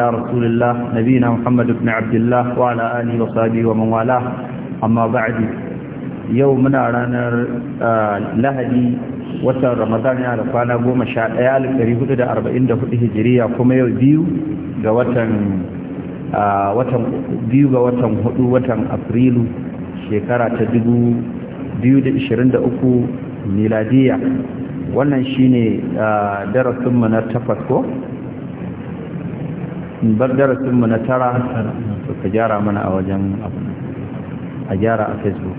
على رسول الله نبينا محمد بن عبد الله وعلى آله وصحبه ومن والاه أما بعد يومنا رانا لهدي watan ramadan ya da kwana goma sha ɗaya alif ɗari hudu da arba'in da hudu hijiriya kuma yau biyu ga watan watan watan afrilu shekara ta dubu biyu da ishirin da uku miladiya wannan shine darasinmu na takwas ko bar mu na tara su ka gyara mana a wajen a gyara a facebook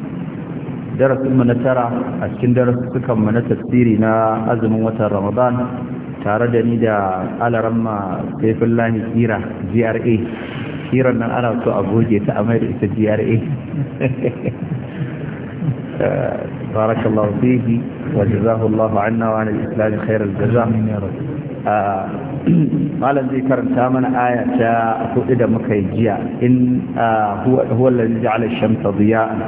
darasinmu na tara a cikin darasukanmu na tafsiri na azumin watan ramadan tare da ni da alaramma saifin lani kira gra kiran nan ana so a goge ta a da ita gra بارك الله فيه وجزاه الله عنا وعن الإسلام خير الجزاء malam zai karanta mana aya ta hudu da muka yi jiya in huwa lalzi ja'ala shamsa diya'an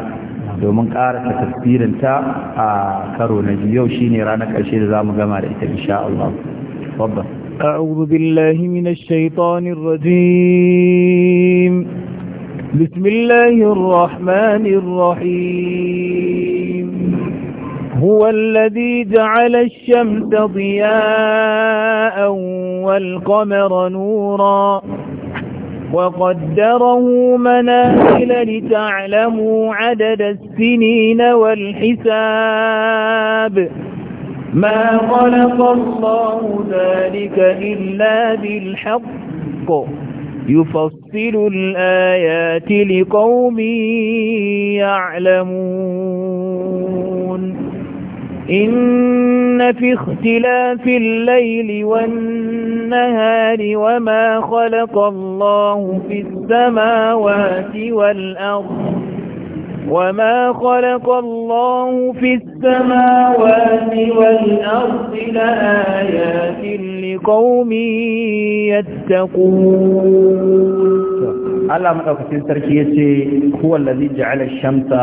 domin ƙara ta tasirinta a karo na biyu yau shine ranar ƙarshe da zamu gama da ita insha Allah أعوذ بالله من الشيطان الرجيم بسم الله الرحمن الرحيم هو الذي جعل الشمس ضياء والقمر نورا وقدره منازل لتعلموا عدد السنين والحساب ما خلق الله ذلك إلا بالحق يفصل الآيات لقوم يعلمون إن في اختلاف الليل والنهار وما خلق الله في السماوات والأرض وما خلق الله في السماوات والأرض لآيات لقوم يتقون Allah madaukakin sarki yace huwa allazi ja'ala ash-shamsa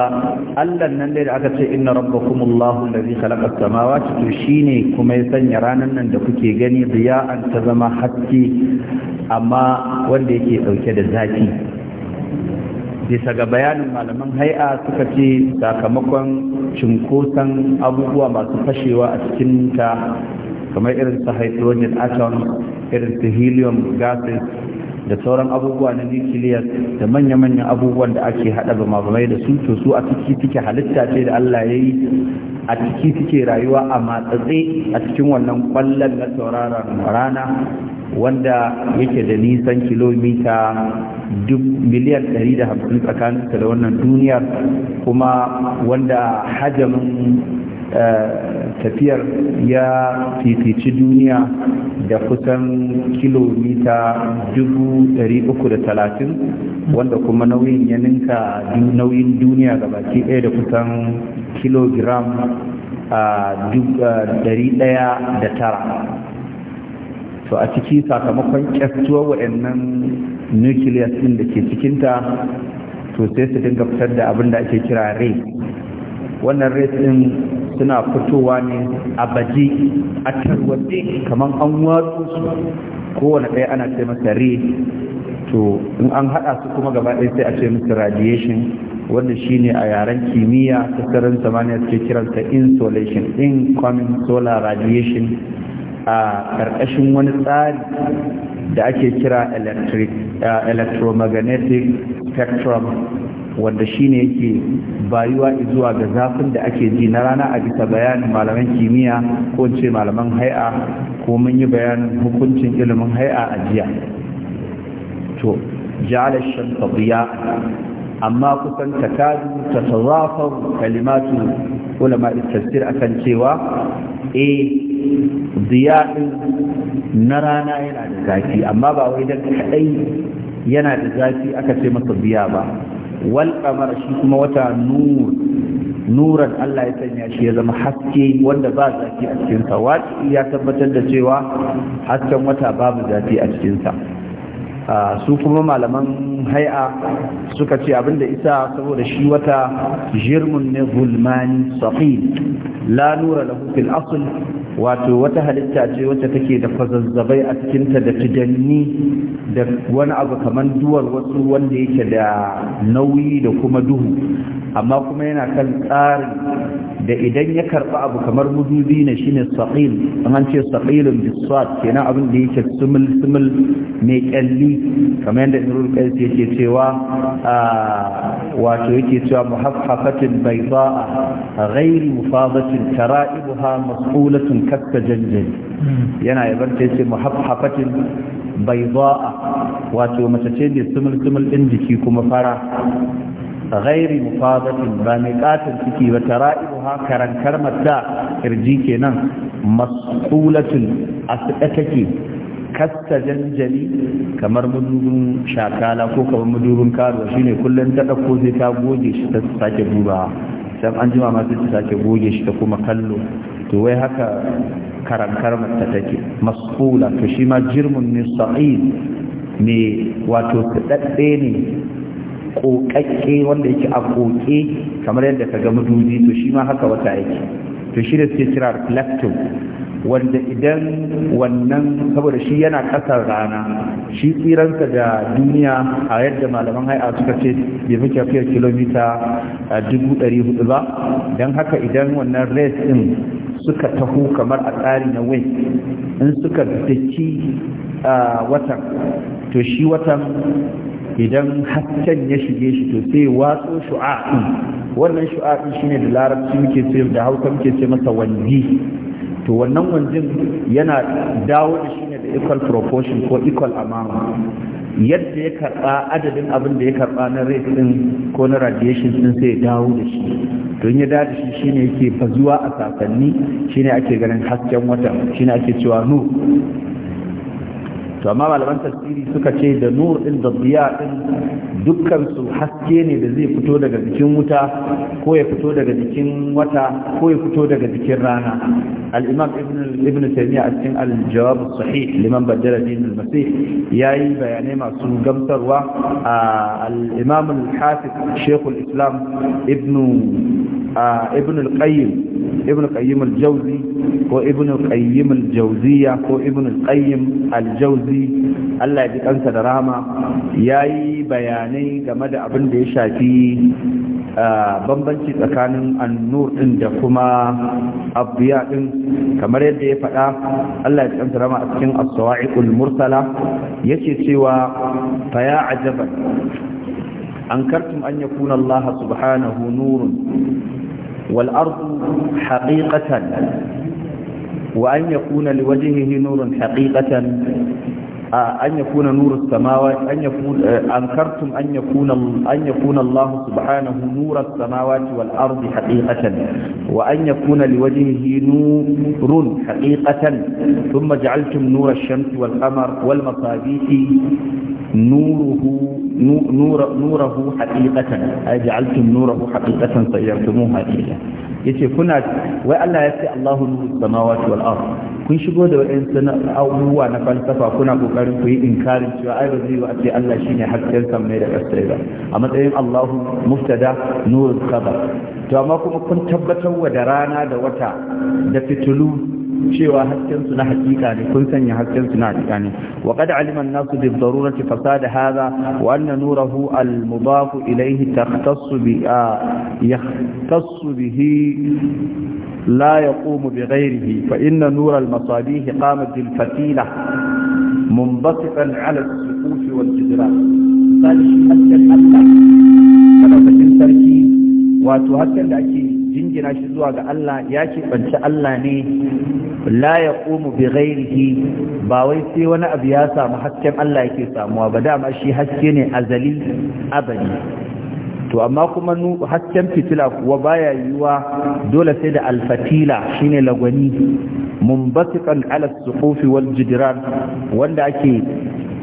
Allah nan da aka ce inna rabbakumullahu allazi khalaqa as-samawati to shine kuma ya sanya ranan nan da kuke gani diya'an ta zama haske amma wanda yake dauke da zaki bisa ga bayanin malaman hai'a suka ce sakamakon cinkoson abubuwa masu fashewa a cikin ta kamar irin su hydrogen atom irin helium gases da sauran abubuwa na nukiliyar da manya-manyan abubuwan da ake hada ba mabamai da su to su a ciki take halitta ce da Allah ya yi a ciki take rayuwa a matsatse a cikin wannan kwallon na sauraron rana wanda yake da nisan kilomita miliyan 150 tsakanin da wannan duniyar kuma wanda hajamin tafiyar ya fifici duniya da kusan kilomita 330 wanda kuma nauyin ya ninka nauyin duniya ga baki ɗaya da kusan kilogiram 109 to a ciki sakamakon ƙyastuwar waɗannan nucleus ɗin da ke cikinta to sai su dinga fitar da abin da ake kira rai wannan resin suna fitowa ne a baje a tarwaje kamar an watsu su kowane ɗaya ana ce masa re to in an haɗa su kuma gaba ɗaya sai a ce masa radiation wanda shine a yaren kimiyya ta sararin samaniya suke kiransa in incoming solar radiation a ƙarƙashin wani tsari da ake kira electric, electromagnetic spectrum wanda shi ne yake bayuwa zuwa ga zafin da ake ji na rana a bisa bayanin malaman kimiyya ko ce malaman hai'a ko mun yi bayanin hukuncin ilimin hai'a a jiya to ja'ala shamsa amma kusan ta tatazafar kalimatu ulama tafsir kan cewa eh diya na rana yana da zafi amma ba wai da kadai yana da zafi aka ce masa biya ba wal qamar shi kuma wata nur nuran Allah ya sanya shi ya zama haske wanda ba zafi a cikin sa ya tabbatar da cewa hasken wata babu zafi a cikin sa su kuma malaman hai'a suka ce abinda isa saboda shi wata jirmun ne zulmani saqil la nura lahu fil wato wata halitta ce wacce take da fazazzabai a cikinta da tudanni da wani abu kamar duwar wasu wanda yake da nauyi da kuma duhu amma kuma yana kan tsarin da idan ya karba abu kamar mudubi ne shine saqil an an ce saqilun biswat kenan abin da yake sumul sumul mai kalli kamar yadda Ibn Qais yake cewa wato yake cewa muhaffafatin bayda'a ghairi mufadatin tara'ibuha masqulatun kaskajanjal yana yabanta yace muhaffafatin bayda'a wato mace ce mai sumul sumul din jiki kuma fara ghairi mufadatin ba mai katin ciki ba tara'ibuha karan karmar da kirji kenan mas'ulatul asda take kasta janjali kamar madubin shakala ko kamar madubin karuwa shine kullum ta ɗauko sai ta goge shi ta sake duba sai an ma sai ta sake goge shi ta kuma kallo to wai haka karankar mata take mas'ula to shi ma jirmun sa'id ne wato tsadadde ne kokakke wanda yake a koke kamar yadda ka ga madubi to shi ma haka wata yake to shi da suke kira reflective wanda idan wannan saboda shi yana ƙasar rana shi tsiransa da duniya a yadda malaman hai'a suka ce bai fi tafiyar kilomita dubu ɗari hudu ba don haka idan wannan res ɗin suka taho kamar a tsari na wai in suka daki watan to shi watan idan hasken ya shige shi to sai watsu shu'a'i wannan shu'a'i shine da larabci muke ce da hausa muke ce masa wanzi to wannan wanzin yana dawo da shi ne da equal proportion ko equal amount yadda ya karba adadin abin da ya karba na rate din ko na radiation din sai ya dawo da shi To in ya dawo da shi shine yake bazuwa a sakanni shine ake ganin hasken wata shine ake cewa no to amma malaman tasiri suka ce da nur din da diya din dukkansu haske ne da zai fito daga jikin wuta ko ya fito daga jikin wata ko ya fito daga jikin rana al-imam ibn taymiya a cikin al-jawab sahih liman bajjara din al-masih yayi bayanai masu gamsarwa al-imam al-hafiz shaykh al-islam ibn ibn al-qayyim ibn qayyim al-jawzi ko ibn qayyim al-jawziya ko ibn qayyim al-jawzi Allah ya ji kansa da rahama yayi bayanai bayanai game da abin da ya shafi bambanci tsakanin annur din da kuma abdiya din kamar yadda ya faɗa Allah ya tsanta rama a cikin as-sawa'iqul mursala yace cewa fa ya an ankartum an yakuna Allah subhanahu nurun wal ardu haqiqatan wa an yakuna liwajhihi nurun haqiqatan an yakuna nuru samawati an yakuna an yakuna an Allah subhanahu nuru samawati wal ardi haqiqatan wa an yakuna liwajhihi nurun haqiqatan thumma ja'altum nura ash-shamsi wal qamar wal masabihi nuruhu nurahu haqiqatan ay ja'altum nurahu haqiqatan sayyartumuha ila yace kuna wai Allah ya ce Allahu nuru samawati wal ard kun shigo da waɗansu abubuwa na falsafa kuna kokarin ku yi inkarin cewa ai bazai zai yi ce Allah shine hasken mai da kasai ba a matsayin Allahu muftada nurul khabar to amma kuma kun tabbatar wa da rana da wata da fitilu. cewa hasken su na hakika ne kun sanya hasken su na hakika ne wa qad alima an-nasu bi darurati fasad hadha wa anna nurahu al-mudaf ilayhi takhtassu bi yahtassu bihi لا يقوم بغيره فإن نور المصابيح قامت بالفتيلة منبسطا على السقوف والجدران ثالث أسكن sarki wato تركي da ake jingina shi zuwa ga Allah ya keɓance Allah ne la ya ƙomu bi ghairihi ba wai sai wani abu ya samu hasken Allah yake samuwa ba dama shi haske ne azali abadi to amma kuma hasken fitila kuwa baya yiwuwa dole sai da alfatila shine lagwani mumbasikan ala suhufi wal jidran wanda ake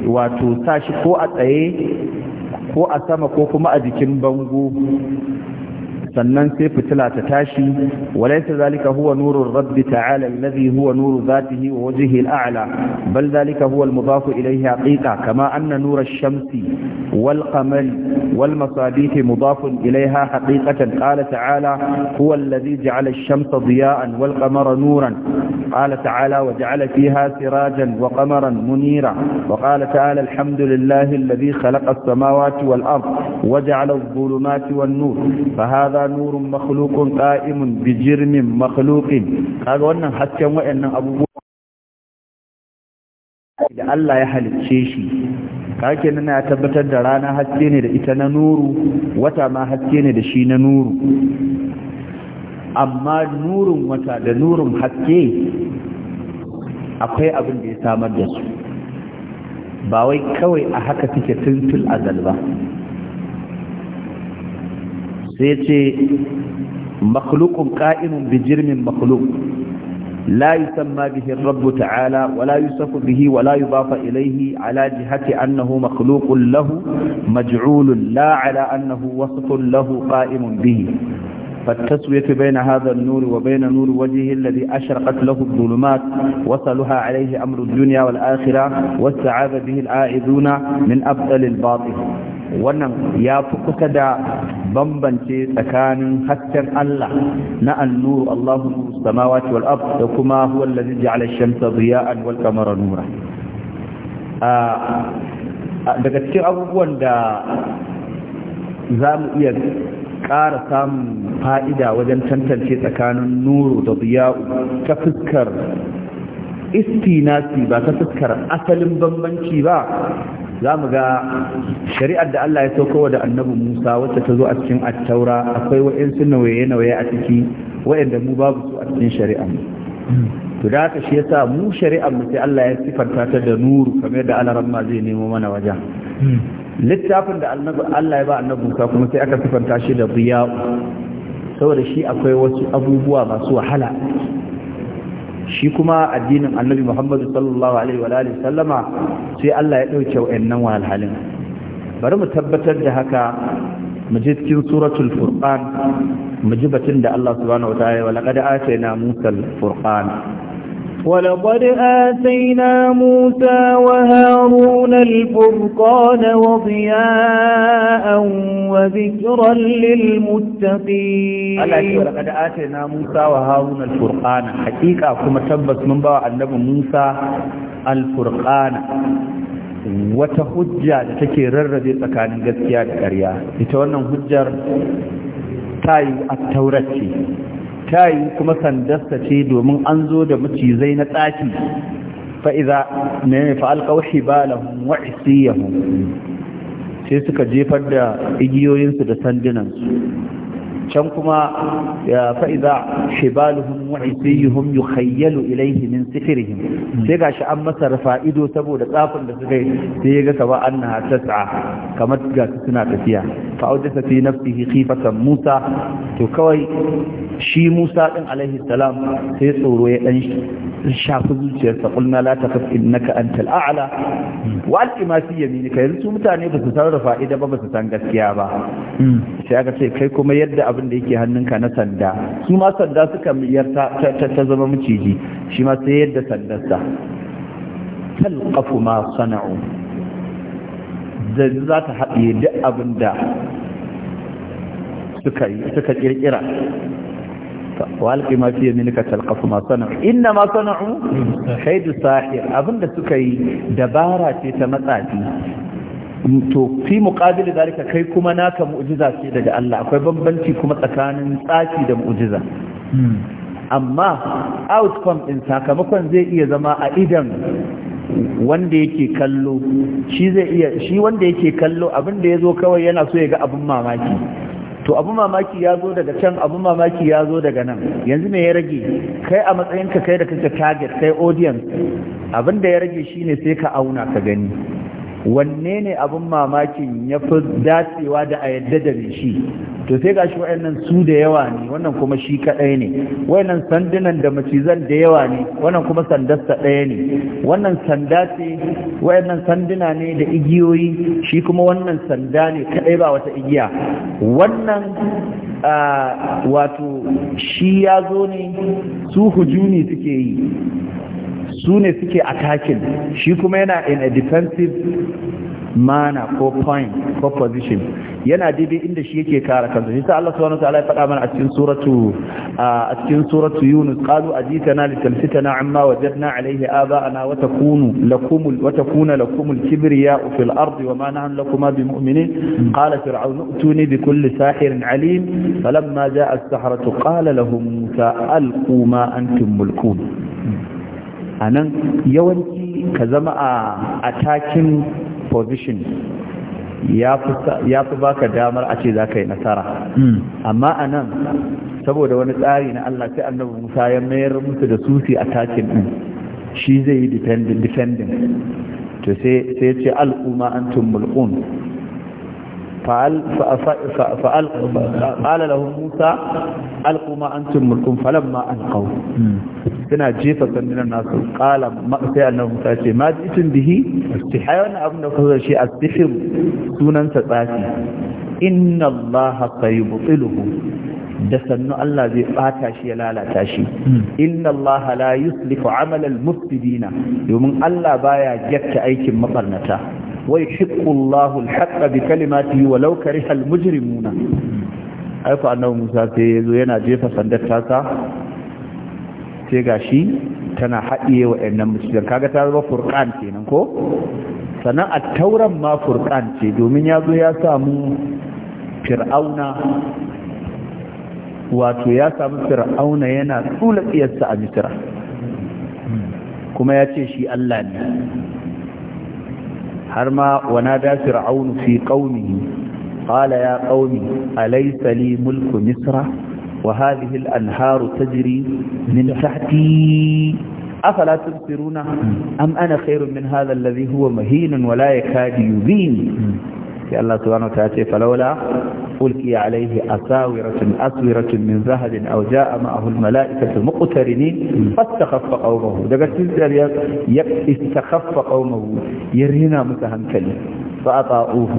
wato sa shi ko a tsaye ko a sama ko kuma a jikin bango sannan sai fitila ta tashi walaysa zalika huwa nurur rabbi ta'ala alladhi huwa nuru dhatihi wa wajhihi al'a bal zalika huwa al-mudaf ilayhi haqiqa kama anna nur ash-shamsi wal qamari wal masabih mudaf ilayha haqiqatan qala ta'ala huwa alladhi ja'ala ash-shamsa diya'an wal qamara nuran qala ta'ala wa ja'ala fiha sirajan wa qamaran munira wa qala ta'ala alhamdulillahi alladhi khalaqa as-samawati wal ard wa ja'ala adh-dhulumati wan nur fa hadha نور مخلوق قائم بجرم مخلوق kaga wannan hasken wayannan abubuwa da Allah ya halicce shi kake nan ya tabbatar da rana haske ne da ita na nuru wata ma haske ne da shi na nuru amma nurin wata da nurin haske akwai abin da ya samar da su ba wai kawai a haka suke tuntul azal ba sai ce makhlukun ka'imun bi jirmin makhluk la yusamma bihi rabb ta'ala wa la yusafu bihi wa la yudafa ilayhi ala jihati annahu makhluqun lahu maj'ulun la ala annahu wasfun lahu qa'imun bihi فالتسوية بين هذا النور وبين نور وجهه الذي أشرقت له الظلمات وصلها عليه أمر الدنيا والآخرة واستعاذ به العائذون من أبطل الباطل wannan ya fi kusa da bambance tsakanin hasken Allah na annuru Allahu nuru samawati wal da kuma huwa allazi ja'ala ash wal qamara nura daga cikin abubuwan da za mu iya ƙara samun fa'ida wajen tantance tsakanin nuru da ziya'u ta fuskar istinasi ba ta fuskar asalin bambanci ba za mu ga shari'ar da Allah ya saukowa da annabi Musa wacce ta zo a cikin attaura akwai wa'insu nauye-nauye a ciki wa'inda mu babu su a cikin shari'ar to da haka shi ya sa mu shari'ar mu sai Allah ya sifanta ta da nuru kamar da ramma zai nemo mana wajen littafin da Allah ya ba annabi Musa kuma sai aka sifanta shi da biya'u saboda shi akwai wasu abubuwa masu wahala shi kuma addinin annabi Muhammad sallallahu alaihi wa alihi sallama sai Allah ya dauke wayannan wahalhalin bari mu tabbatar da haka mu ji cikin suratul furqan mu ji batun da Allah subhanahu wa ta'ala wa laqad atayna musal furqan ولقد آتينا موسى وهارون الفرقان وضياء وذكرا للمتقين الله ولقد آتينا موسى وهارون الفرقان حقيقة كما تبس من بقى النبي موسى الفرقان wata hujja da take rarrabe tsakanin gaskiya da ƙarya ita wannan hujjar ta yi a taurat ce ta yi kuma sandarsa ce domin an zo da macizai na tsaki fa'iza ne fa'alƙau hibalahun wa'isiyahun sai suka jefar da igiyoyinsu da sandunansu can kuma ya fa'iza shibaluhum wa isiyuhum yukhayyalu ilayhi min sifirihim sai gashi an masa rafa ido saboda tsafin da suka yi sai ya ga kaba annaha tas'a kamar ga suna tafiya fa fi nafsihi khifatan musa to kawai shi Musa ɗin alaihi salam sai tsoro ya ɗan shafi zuciyarsa ƙulna la na innaka antal a'la wa alqima fi yaminika su mutane ba su san fa'ida ba ba su san gaskiya ba sai aka ce kai kuma yadda abin da yake hannunka na sanda su ma sanda suka miyar ta zama maciji, shi ma sai yadda sandarsa talqafu ma sana'u za ta haɗe duk abin da suka ƙirƙira hannunsa wa ma fiye milika talqafu ma sana'u inna ma sana'u kaidu sahir abinda suka yi dabara ce ta matsafi to fi muqabil dalika kai kuma naka mu'jiza ce daga Allah akwai bambanci kuma tsakanin tsaki da mu'jiza amma outcome din sakamakon zai iya zama a idan wanda yake kallo shi zai iya shi wanda yake kallo abinda yazo kawai yana so ya ga abin mamaki to abu mamaki ya zo daga can abu mamaki ya zo daga nan yanzu me ya rage kai a matsayinka kai da kake target kai audience abin da ya rage shine sai ka auna ka gani wanne ne abin mamakin ya fi dacewa da a yadda da shi to sai ga shi wayannan su da yawa ne wannan kuma shi kadai ne Wayannan sandunan da macizan da yawa ne wannan kuma sandarsa ɗaya ne wannan sanda ce wayannan sanduna ne da igiyoyi shi kuma wannan sanda ne kadai ba wata igiya wannan wato shi ya zo ne su hujuni suke yi su ne suke attacking shi kuma yana in a defensive mana ko point ko position yana daidai inda shi yake kare kansa shi sa Allah subhanahu wataala ya faɗa mana a cikin suratu a cikin suratu Yunus qalu ajitana litalfitana amma wajadna alayhi aba'ana wa takunu lakum wa takuna lakum al-kibriya fil ardi wa ma nahnu lakum bimu'minin qala fir'aun utuni bi kulli sahirin alim falamma ja'a as-sahratu qala lahum musa alqu ma antum mulkun a nan yawanci ka zama a attacking position ya fi baka damar a ce za ka yi nasara hmm. amma a nan saboda wani tsari na Allah sai annabi Musa ya mayar musu da susi a takin din shi zai yi defending to sai ce al'umma an tumulkun fa’al lahun musa an cin mulkun falon ma an kawo jefa sandunan nasu kala sai annabu musa ce ma jikin bihi ce hayo wani abin da kusa shi a sunansa tsafi inna allah haka yi da sannu allah zai ɓata shi ya lalata shi inna allah la yuslifu amalal musbidina domin allah baya gyakta aikin mabarnata Wai yuhiqqu Allahu al-haqqa bi kalimatihi wa kariha al-mujrimuna aiko Musa sai yazo yana jefa sandar tasa sai gashi tana haɗiye wa'annan musulman kaga ta zama furqan kenan ko sannan tauran ma furqan ce domin ya zo ya samu fir'auna wato ya samu fir'auna yana tsula tsiyarsa a misira kuma ya ce shi Allah ne har ma wana fir'aunu fi qaumihi qala ya qaumi alaysa li mulku misra wa hadhihi al-anharu tajri min tahti afala tubsiruna am ana khairun min hadha alladhi huwa mahinun wa la yakadu yubin الله سبحانه وتعالى فلولا ألقي عليه أساورة أسورة من ذهب أو جاء معه الملائكة المقترنين فاستخف قومه استخف قومه يرينا متهمكلا فأطاؤوه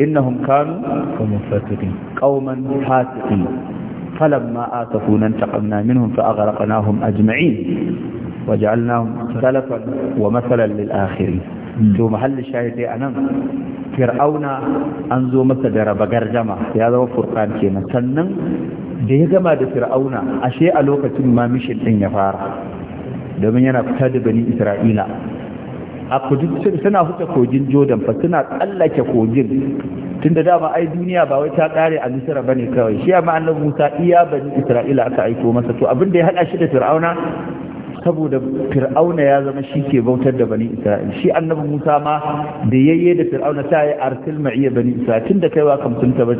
إنهم كانوا قوما فاسقين قوما فاسقين فلما آسفونا انتقمنا منهم فأغرقناهم أجمعين وجعلناهم سلفا ومثلا للآخرين Hmm. to mahallin shahidai a anan, fir'auna an zo masa da rabagar jama. ya zama furkan kenan sannan da ya gama da fir'auna ashe a lokacin ma mishin din ya fara domin yana fita da bani isra'ila a kudin suna huta kogin jordan fa suna tsallake kogin tunda dama ai duniya ba wai ta kare a misira bane kawai shi amma annabi musa iya bani isra'ila aka aiko masa to abin da ya hada shi da fir'auna saboda fir'auna ya zama shi ke bautar da bani isra'il shi annabi musa ma da yayye da fir'auna ta yi arsil maiya bani isra'il tun da kaiwa kam sun taba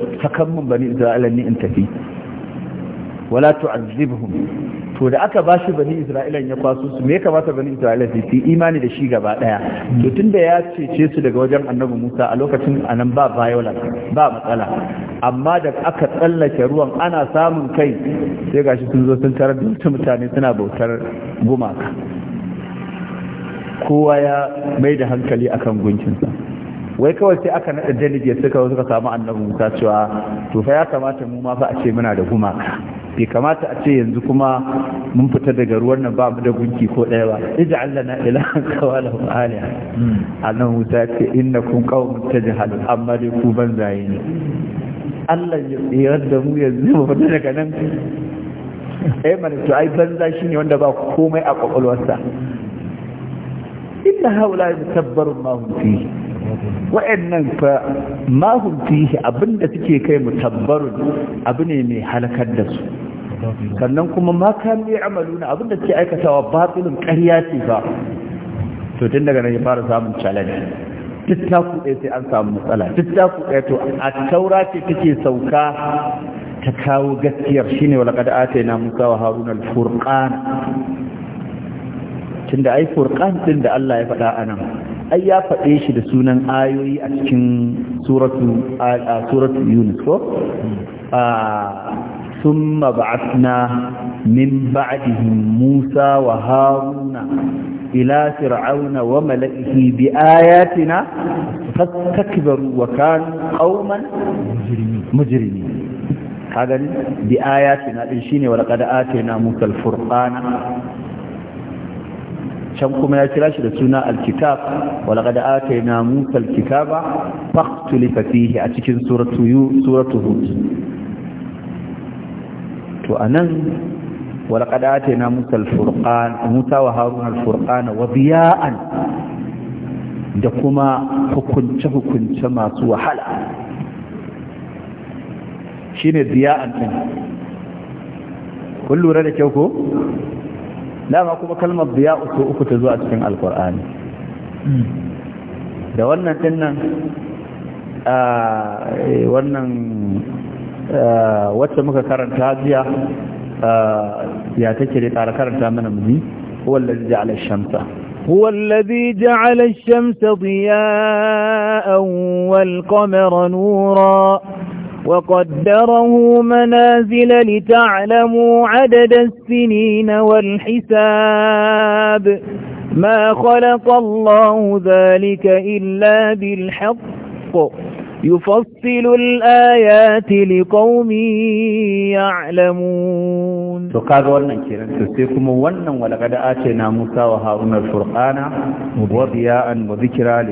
bani isra'il ni in tafi wala tu'azzibhum to da aka ba shi bani isra'ilan ya kwaso su me ya kamata bani isra'ilan su yi imani da shi gaba daya to tunda ya cece su daga wajen annabi musa a lokacin anan ba violence ba matsala amma da aka tsallake ruwan ana samun kai sai gashi sun zo sun tarar da mutane suna bautar gumaka kowa ya mai da hankali akan gunkinsa wai kawai sai aka naɗa sai suka suka samu annabi musa cewa to fa ya kamata mu ma fa a ce muna da gumaka bai kamata a ce yanzu kuma mun fita daga ruwan nan ba mu da gunki ko ɗaya ba ija Allah na ilahan kawa da aliya hmm. annan wuta ce inna kun qaumun tajhalun amma dai ku ban zaye ne Allah ya yarda mu yanzu mu fita daga nan eh mana to ai banza shine wanda ba komai a kwakwalwarsa inna haula mutabbarun ma hum fihi wa'annan fa ma hum fi abinda suke kai mutabbarun abu ne mai halakar da su sannan kuma ma ne ya amalu na abinda ke aikatawa batsilin ƙarya ce ba to tun daga nan ya fara samun challenge ku ɗaya sai an samu matsala ku ɗaya to a taura ce take sauka ta kawo gaskiyar shine wala kada ata na musa wa haruna al-furqan da ai furqan din da Allah ya faɗa anan ai ya faɗe shi da sunan ayoyi a cikin suratu suratu yunus ko ثم بعثنا من بعدهم موسى وهارون إلى فرعون وملئه بآياتنا فاستكبروا وكانوا قوما مجرمين هذا بآياتنا إنشيني ولقد آتينا موسى الفرقان can kuma ya kira shi da suna alkitab walaqad atayna musa alkitaba faqtulifa fihi a cikin suratu suratu hud to anan ولقد Musa wa harun موسى وهارون wa biya'an da kuma hukunce-hukunce masu wahala shi ne ziya'an ɗin kun lura da kyau ko? dama kuma kalmar ziya'u so uku ta zuwa cikin alkur'ani da wannan ɗin nan eh, wannan wacce muka karanta jiya ya take da tsara karanta mana mu huwa allazi ja'ala ash-shamsa هو الذي جعل الشمس ضياء والقمر نورا وقدره منازل لتعلموا عدد السنين والحساب ما خلق الله ذلك إلا بالحق يفصل الآيات لقوم يعلمون فقال ورنان كيران تستيقم ورنان ولقد آتنا موسى وهارون الفرقان وضياء وذكرا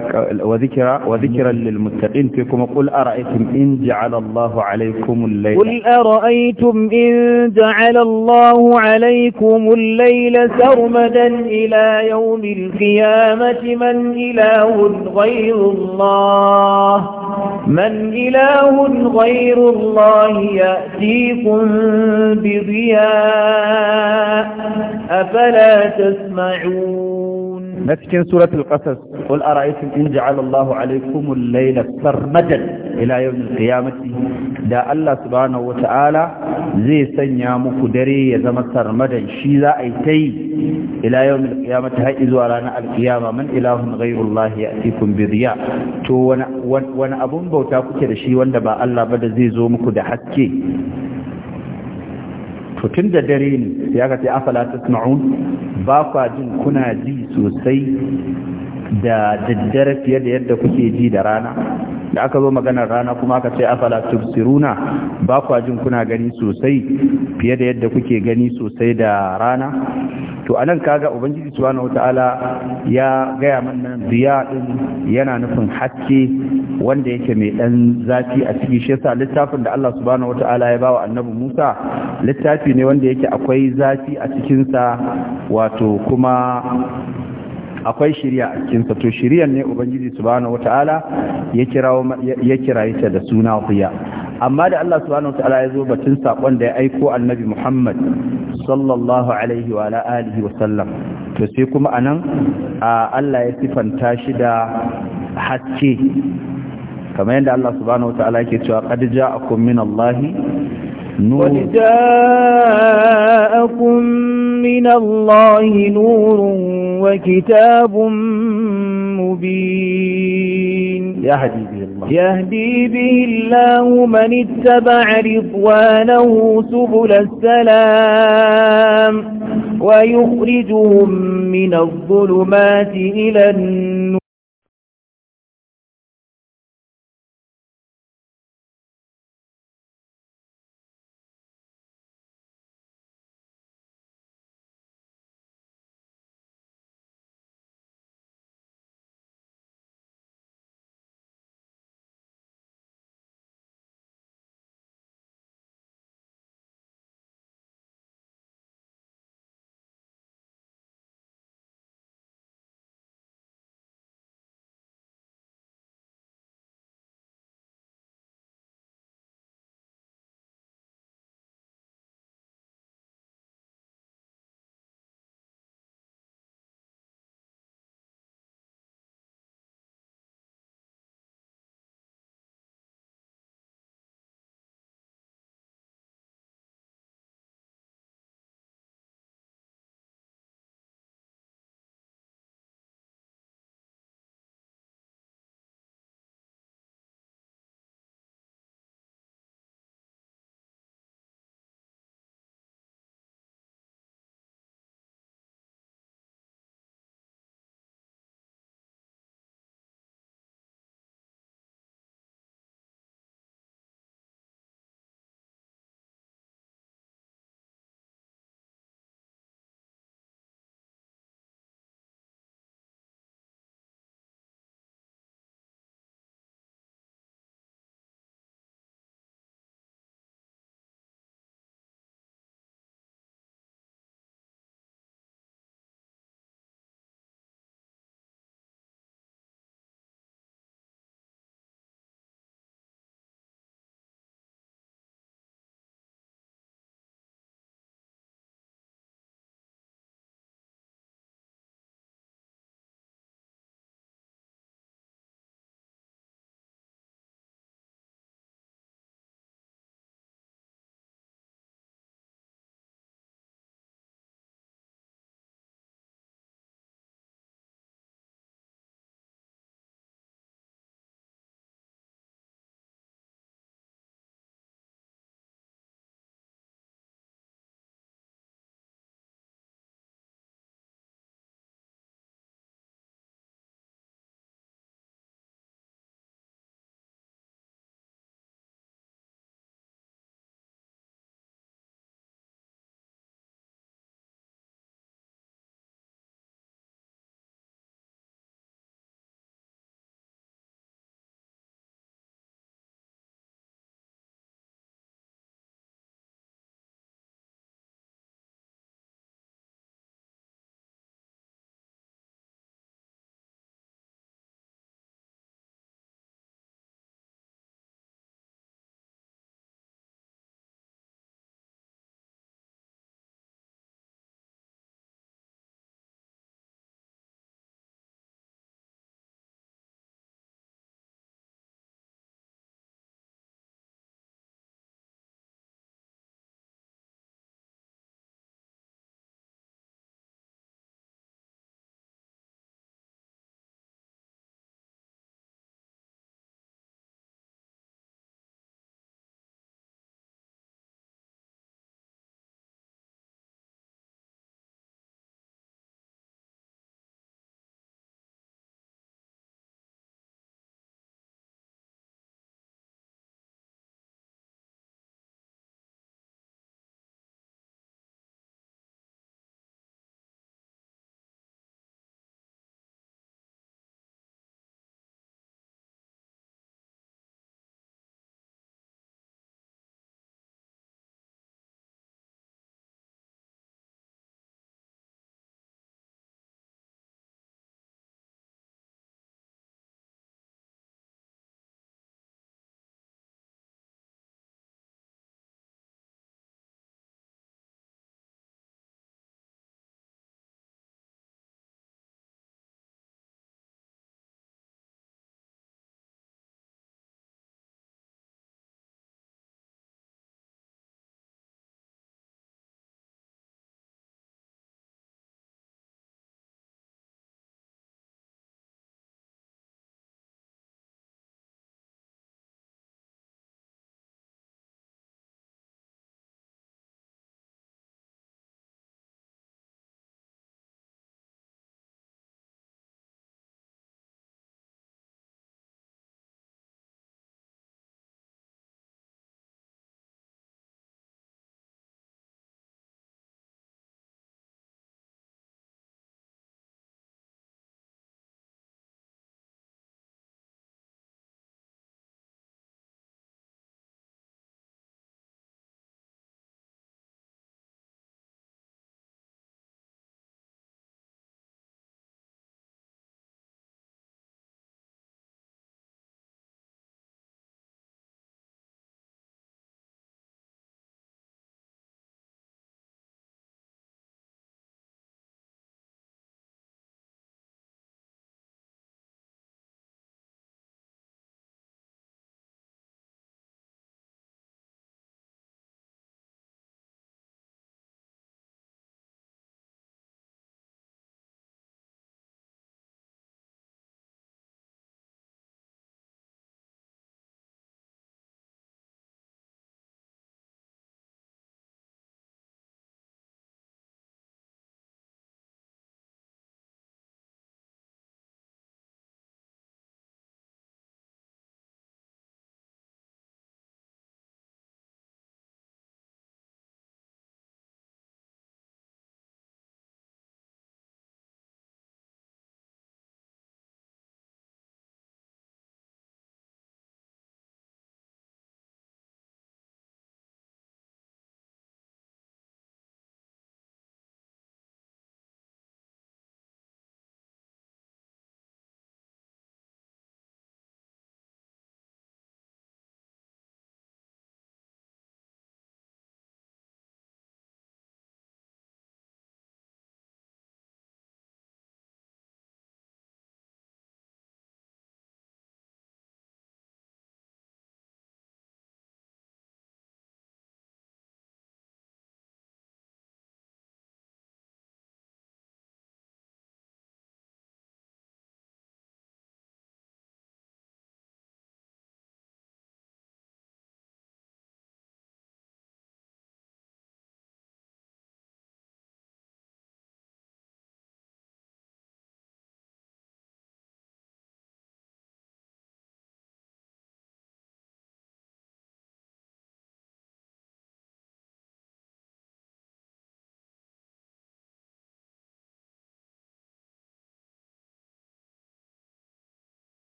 وذكرا وذكرا للمتقين فيكم قل أرأيتم إن جعل الله عليكم الليل قل أرأيتم إن جعل الله عليكم الليل سرمدا إلى يوم القيامة من إله غير الله من إله غير الله يأتيكم بضياء أفلا تسمعون na cikin suratul qasas qul ara'aytum in ja'ala Allahu alaykum al-layla sarmadan ila yawm qiyamati da Allah subhanahu Ta'ala zai sanya muku dare ya zama sarmadan shi za a yi tai ila yawm qiyamati har zuwa ranar al-qiyama man ilahun ghayru Allah ya'tikum bi riya to wani abun bauta kuke da shi wanda ba Allah ba da zai zo muku da haske to tun da dare ne ya ka ce afala tasma'un ba kwa jin kuna ji sosai da daddare fiye da yadda kuke ji da rana da aka zo maganar rana kuma aka ce afala tubsiruna ba kwa jin kuna gani sosai fiye da yadda kuke gani sosai da rana to anan kaga ubangiji subhanahu wataala ya gaya mana biya din yana nufin haske wanda yake mai dan zafi a cikin shi yasa littafin da Allah subhanahu wataala ya bawa annabi Musa littafi ne wanda yake akwai zafi a cikin sa wato kuma akwai shiriya a cikinsa to shiriyan ne ubangiji subhanahu wataala ya kirawo ya kiraye ta da suna kuya amma da Allah subhanahu wataala ya zo batun sakon da ya aiko annabi Muhammad sallallahu alaihi wa ala alihi wa sallam to sai kuma anan Allah ya sifanta shi da haske kamar yadda Allah subhanahu wataala yake cewa qad ja'akum min Allahi قد جاءكم من الله نور وكتاب مبين يهدي به الله يهدي به الله من اتبع رضوانه سبل السلام ويخرجهم من الظلمات إلى النور